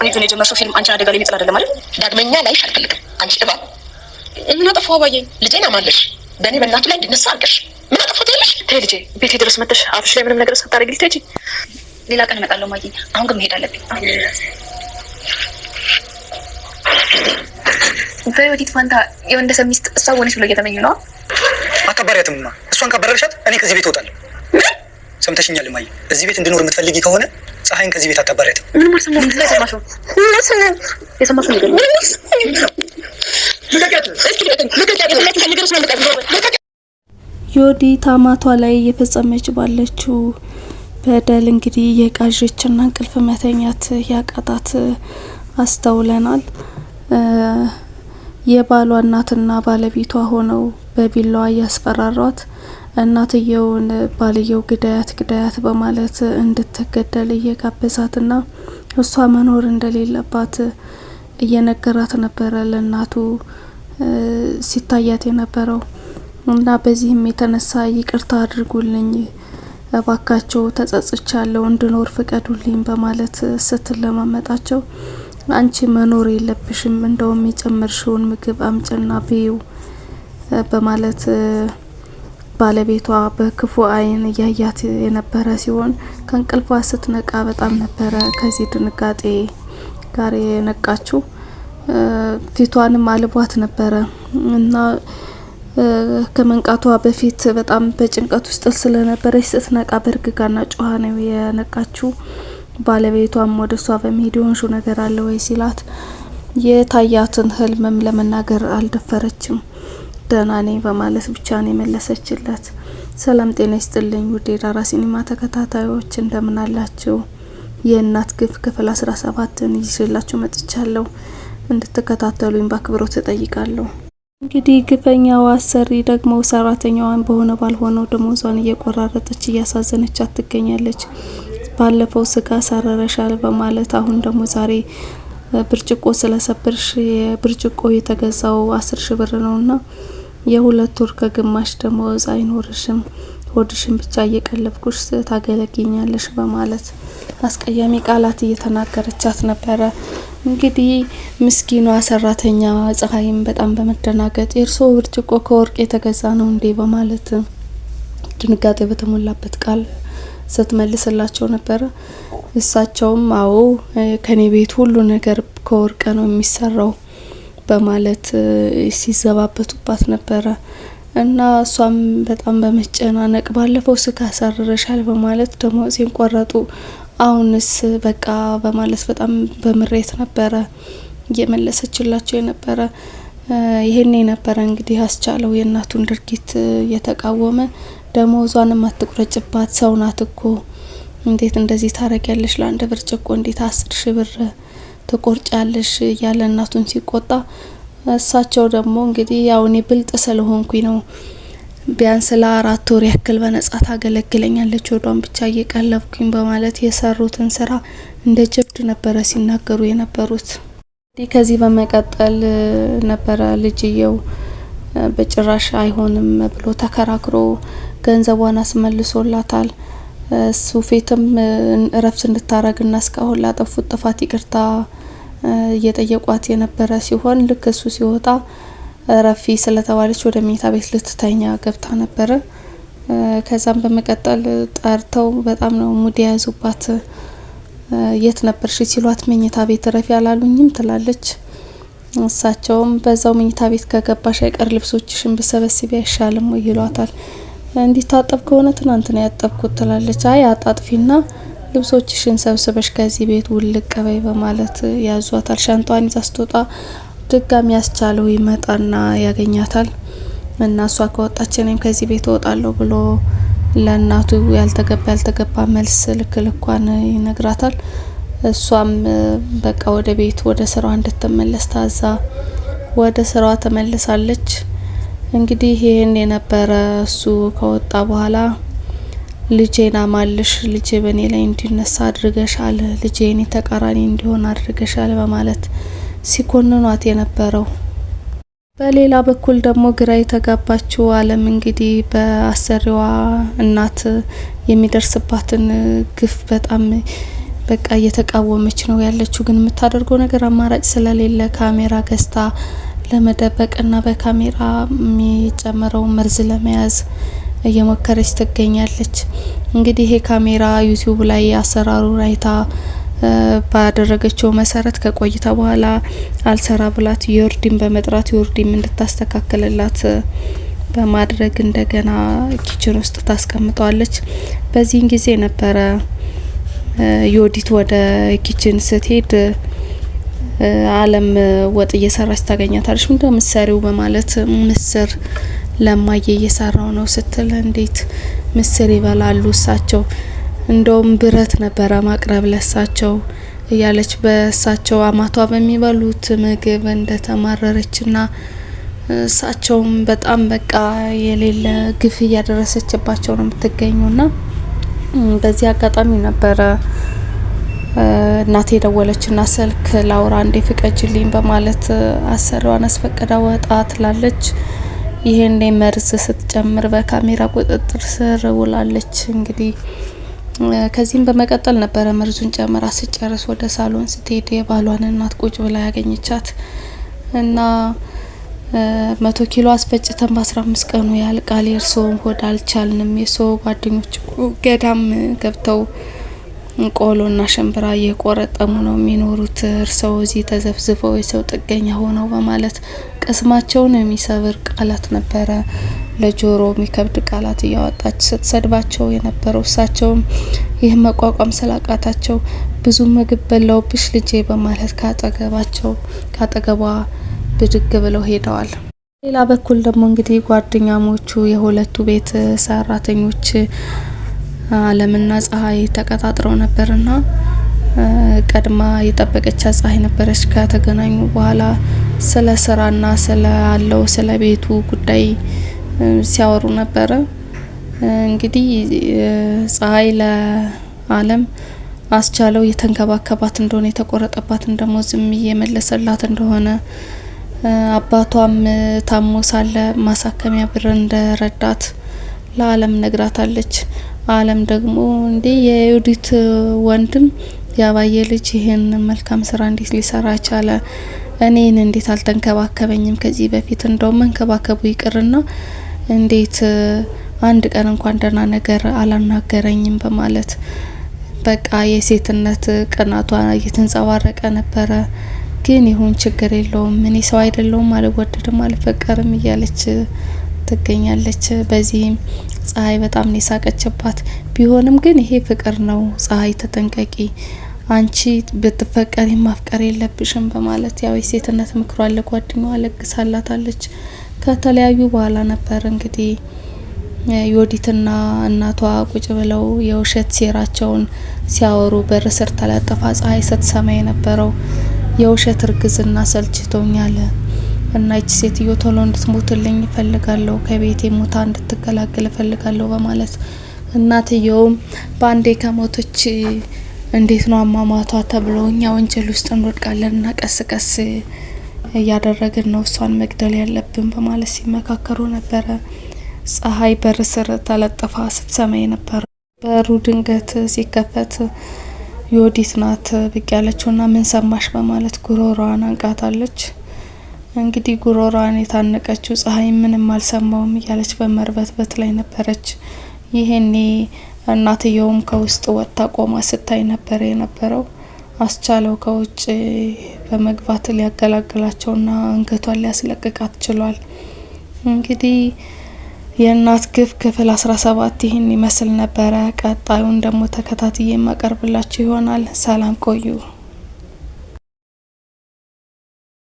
ቆኔቱን የጀመርሽው ፊልም አንቺን አደጋ ላይ የሚጥል አይደለም አይደል? ዳግመኛ ላይሽ አልፈልግም። አንቺ እባብ ምን አጠፋሁ? አባዬ ልጄን አማለሽ በእኔ በእናቱ ላይ እንድነሳ አድርገሽ ምን አጠፋት ያለሽ? ተይ ልጄ፣ ቤቴ ድረስ መጥተሽ አፍሽ ላይ ምንም ነገር ሳታደርጊ ልትሄጂ። ሌላ ቀን እመጣለሁ ማየ፣ አሁን ግን መሄድ አለብኝ። በዮዲት ፋንታ የወንደሰብ ሚስት እሷ ሆነች ብሎ እየተመኙ ነዋ። አከባሪያትምማ እሷን ካባረርሻት እኔ ከዚህ ቤት እወጣለሁ። ሰምተሽኛል ማየ፣ እዚህ ቤት እንድኖር የምትፈልጊ ከሆነ ፀሐይን ከዚህ ቤት አታባሪያትም። ዮዲ ታማቷ ላይ እየፈጸመች ባለችው በደል እንግዲህ የቃዥችና እንቅልፍ መተኛት ያቃጣት አስተውለናል። የባሏ እናትና ባለቤቷ ሆነው በቢላዋ እያስፈራሯት እናትየውን ባልየው ግዳያት ግዳያት በማለት እንድትገደል እየጋበዛትና እሷ መኖር እንደሌለባት እየነገራት ነበረ ለእናቱ ሲታያት የነበረው እና በዚህም የተነሳ ይቅርታ አድርጉልኝ እባካቸው ተጸጽቻለሁ፣ እንድኖር ፍቀዱልኝ በማለት ስትለማመጣቸው አንቺ መኖር የለብሽም እንደውም የጨመርሽውን ምግብ አምጭና ብዩ በማለት ባለቤቷ በክፉ አይን እያያት የነበረ ሲሆን ከእንቅልፏ ስትነቃ በጣም ነበረ ከዚህ ድንጋጤ ጋር የነቃችው። ፊቷንም አልቧት ነበረ እና ከመንቃቷ በፊት በጣም በጭንቀት ውስጥ ስለነበረች ስትነቃ በእርግጋና ጮኋ ነው የነቃችው። ባለቤቷም ወደ እሷ በመሄድ የሆንሹ ነገር አለ ወይ ሲላት የታያትን ህልምም ለመናገር አልደፈረችም። ደህና ነኝ በማለት ነው የመለሰችለት። ሰላም ጤና ይስጥልኝ ውድ የዳራ ሲኒማ ተከታታዮች እንደምን አላችሁ? የእናት ግፍ ክፍል አስራ ሰባትን ይዤላችሁ መጥቻለሁ። እንድትከታተሉኝ በአክብሮት እጠይቃለሁ። እንግዲህ ግፈኛዋ አሰሪ ደግሞ ሰራተኛዋን በሆነ ባልሆነው ደሞዟን እየቆራረጠች እያሳዘነቻት ትገኛለች። ባለፈው ስጋ ሰረረሻል በማለት አሁን ደግሞ ዛሬ ብርጭቆ ስለሰበርሽ የብርጭቆ የተገዛው አስር ሺ ብር ነውና የሁለት ወር ከግማሽ ደሞዝ አይኖርሽም፣ ሆድሽን ብቻ እየቀለብኩሽ ታገለግኛለሽ በማለት አስቀያሚ ቃላት እየተናገረቻት ነበረ። እንግዲህ ምስኪኗ ሰራተኛ ፀሐይም በጣም በመደናገጥ የእርስዎ ብርጭቆ ከወርቅ የተገዛ ነው እንዴ በማለት ድንጋጤ በተሞላበት ቃል ስትመልስላቸው ነበረ። እሳቸውም አዎ ከኔ ቤት ሁሉ ነገር ከወርቅ ነው የሚሰራው በማለት ሲዘባበቱባት ነበረ እና እሷም በጣም በመጨናነቅ ባለፈው ስካ ያሳርረሻል በማለት ደሞዜን ቆረጡ፣ አሁንስ በቃ በማለት በጣም በምሬት ነበረ እየመለሰችላቸው የነበረ። ይሄኔ ነበረ እንግዲህ አስቻለው የእናቱን ድርጊት እየተቃወመ ደሞዟን የማትቆረጭባት ሰው ናት እኮ እንዴት እንደዚህ ታረጊያለሽ? ለአንድ ብርጭቆ እንዴት አስር ሺ ብር ትቆርጫለሽ? እያለ እናቱን ሲቆጣ እሳቸው ደግሞ እንግዲህ ያው እኔ ብልጥ ስለሆንኩኝ ነው ቢያንስ ለአራት ወር ያክል በነጻ ታገለግለኛለች ወዷን ብቻ እየቀለብኩኝ በማለት የሰሩትን ስራ እንደ ጀብድ ነበረ ሲናገሩ የነበሩት። ከዚህ በመቀጠል ነበረ ልጅየው በጭራሽ አይሆንም ብሎ ተከራክሮ ገንዘቧን አስመልሶላታል። እሱ ሱፌትም እረፍት እንድታረግና እስካሁን ላጠፉት ጥፋት ይቅርታ እየጠየቋት የነበረ ሲሆን ልክ እሱ ሲወጣ ረፊ ስለተባለች ወደ መኝታ ቤት ልትተኛ ገብታ ነበረ። ከዛም በመቀጠል ጠርተው በጣም ነው ሙድ የያዙባት። የት ነበርሽ ሲሏት መኝታ ቤት ረፊ አላሉኝም ትላለች። እሳቸውም በዛው መኝታ ቤት ከገባሽ አይቀር ልብሶችሽን ብሰበስቢ አይሻልም ይሏታል። እንዲታጠብ ከሆነ ትናንት ነው ያጠብኩት ትላለች። አይ አጣጥፊና ልብሶችሽን ሰብስበሽ ከዚህ ቤት ውልቅ በይ በማለት ያዟታል። ሻንጧን ይዛ ስትወጣ ድጋሚ ያስቻለው ይመጣና ያገኛታል። እና እሷ ከወጣች እኔም ከዚህ ቤት እወጣለሁ ብሎ ለእናቱ ያልተገባ ያልተገባ መልስ ልክ ልኳን ይነግራታል። እሷም በቃ ወደ ቤት ወደ ስራዋ እንድትመለስ ታዛ ወደ ስራዋ ተመልሳለች። እንግዲህ ይህን የነበረ እሱ ከወጣ በኋላ ልጄን አማልሽ፣ ልጄ በእኔ ላይ እንዲነሳ አድርገሻል፣ ልጄ የኔ ተቃራኒ እንዲሆን አድርገሻል በማለት ሲኮንኗት የነበረው። በሌላ በኩል ደግሞ ግራ የተጋባችው አለም እንግዲህ በአሰሪዋ እናት የሚደርስባትን ግፍ በጣም በቃ እየተቃወመች ነው ያለችው። ግን የምታደርገው ነገር አማራጭ ስለሌለ ካሜራ ገዝታ ለመደበቅና በካሜራ የሚጨመረው መርዝ ለመያዝ እየሞከረች ትገኛለች። እንግዲህ ይሄ ካሜራ ዩቲዩብ ላይ አሰራሩ ራይታ ባደረገችው መሰረት ከቆይታ በኋላ አልሰራ ብላት ዮርዲን በመጥራት ዮርዲን እንድታስተካክልላት በማድረግ እንደገና ኪችን ውስጥ ታስቀምጠዋለች። በዚህን ጊዜ ነበረ ዮዲት ወደ ኪችን ስትሄድ አለም ወጥ እየሰራች ታገኛታለች። ምንድ ምሰሪው በማለት ምስር ለማየ እየሰራው ነው ስትል እንዴት ምስር ይበላሉ እሳቸው እንደውም ብረት ነበረ ማቅረብ ለሳቸው እያለች በእሳቸው አማቷ በሚበሉት ምግብ እንደተማረረች ና እሳቸውም በጣም በቃ የሌለ ግፍ እያደረሰችባቸው ነው የምትገኘው ና በዚህ አጋጣሚ ነበረ እናቴ የደወለችና ስልክ ላውራ እንዴ ፍቀጅልኝ በማለት አሰሪዋን አስፈቅዳ ወጣ ትላለች። ይሄኔ መርዝ ስትጨምር በካሜራ ቁጥጥር ስር ውላለች። እንግዲህ ከዚህም በመቀጠል ነበረ መርዙን ጨምራ ስጨርስ ወደ ሳሎን ስትሄድ የባሏን እናት ቁጭ ብላ ያገኘቻት እና መቶ ኪሎ አስፈጭተን በአስራ አምስት ቀኑ ያልቃል የእርስዎ ሆድ አልቻልንም የሰው ጓደኞች ገዳም ገብተው ቆሎና ሽምብራ እየቆረጠሙ ነው የሚኖሩት። እርሰው እዚህ ተዘፍዝፈው የሰው ጥገኛ ሆነው በማለት ቅስማቸውን የሚሰብር ቃላት ነበረ ለጆሮ የሚከብድ ቃላት እያወጣች ስትሰድባቸው የነበረው። እሳቸውም ይህ መቋቋም ስላቃታቸው ብዙ ምግብ ብሽ ልጄ በማለት ካጠገባቸው ካጠገቧ ብድግ ብለው ሄደዋል። ሌላ በኩል ደግሞ እንግዲህ ጓደኛሞቹ የሁለቱ ቤት ሰራተኞች አለምና ፀሐይ ተቀጣጥረው ነበርና ቀድማ የጠበቀቻ ፀሐይ ነበረች። ከተገናኙ በኋላ ስለ ስራና ስለ አለው ስለ ቤቱ ጉዳይ ሲያወሩ ነበረ። እንግዲህ ፀሐይ ለአለም አስቻለው የተንከባከባት እንደሆነ እንደሞ ዝም እየመለሰላት እንደሆነ አባቷም ታሞ ሳለ ማሳከሚያ ብር እንደረዳት ለአለም ነግራታለች። አለም ደግሞ እንዴ የዩዲት ወንድም ያባየ ልጅ ይህን መልካም ስራ እንዴት ሊሰራ ቻለ? እኔን እንዴት አልተንከባከበኝም ከዚህ በፊት? እንደውም መንከባከቡ ይቅርና እንዴት አንድ ቀን እንኳን ደህና ነገር አላናገረኝም በማለት በቃ የሴትነት ቅናቷ እየተንጸባረቀ ነበረ። ግን ይሁን ችግር የለውም እኔ ሰው አይደለውም፣ አልወደድም፣ አልፈቀርም እያለች ትገኛለች። በዚህም ፀሐይ በጣም ነው የሳቀችባት። ቢሆንም ግን ይሄ ፍቅር ነው፣ ፀሐይ ተጠንቀቂ፣ አንቺ ብትፈቀሪ ማፍቀር የለብሽም በማለት ያው የሴትነት ምክሯን ለጓደኛዋ ለግሳላታለች። ከተለያዩ በኋላ ነበር እንግዲህ የወዲትና እናቷ ቁጭ ብለው የውሸት ሴራቸውን ሲያወሩ በር ስር ተለጥፋ ፀሐይ ስትሰማ የነበረው የውሸት እርግዝና ሰልችቶኛል እና ይቺ ሴትዮ ቶሎ እንድትሞትልኝ እፈልጋለሁ፣ ከቤቴ ሞታ እንድትገላገል እፈልጋለሁ በማለት እናትየውም በአንዴ ከሞቶች እንዴት ነው አሟሟቷ ተብሎ እኛ ወንጀል ውስጥ እንወድቃለን እና ቀስ ቀስ እያደረግን ነው እሷን መግደል ያለብን በማለት ሲመካከሩ ነበረ። ፀሐይ በር ስር ተለጥፋ ስትሰማ ነበር። በሩ ድንገት ሲከፈት ዮዲት ናት ብቅ እና ምን ሰማሽ በማለት ጉሮሯን አንቃታለች። እንግዲህ ጉሮሯን የታነቀችው ፀሐይ ምንም አልሰማውም እያለች በመርበትበት ላይ ነበረች። ይሄኔ እናትየውም ከውስጥ ወጥታ ቆማ ስታይ ነበር የነበረው። አስቻለው ከውጭ በመግባት ሊያገላግላቸውና አንገቷን ሊያስለቅቃት ችሏል። እንግዲህ የእናት ግፍ ክፍል 17 ይህን ይመስል ነበረ። ቀጣዩን ደግሞ ተከታትዬ የማቀርብላችሁ ይሆናል። ሰላም ቆዩ።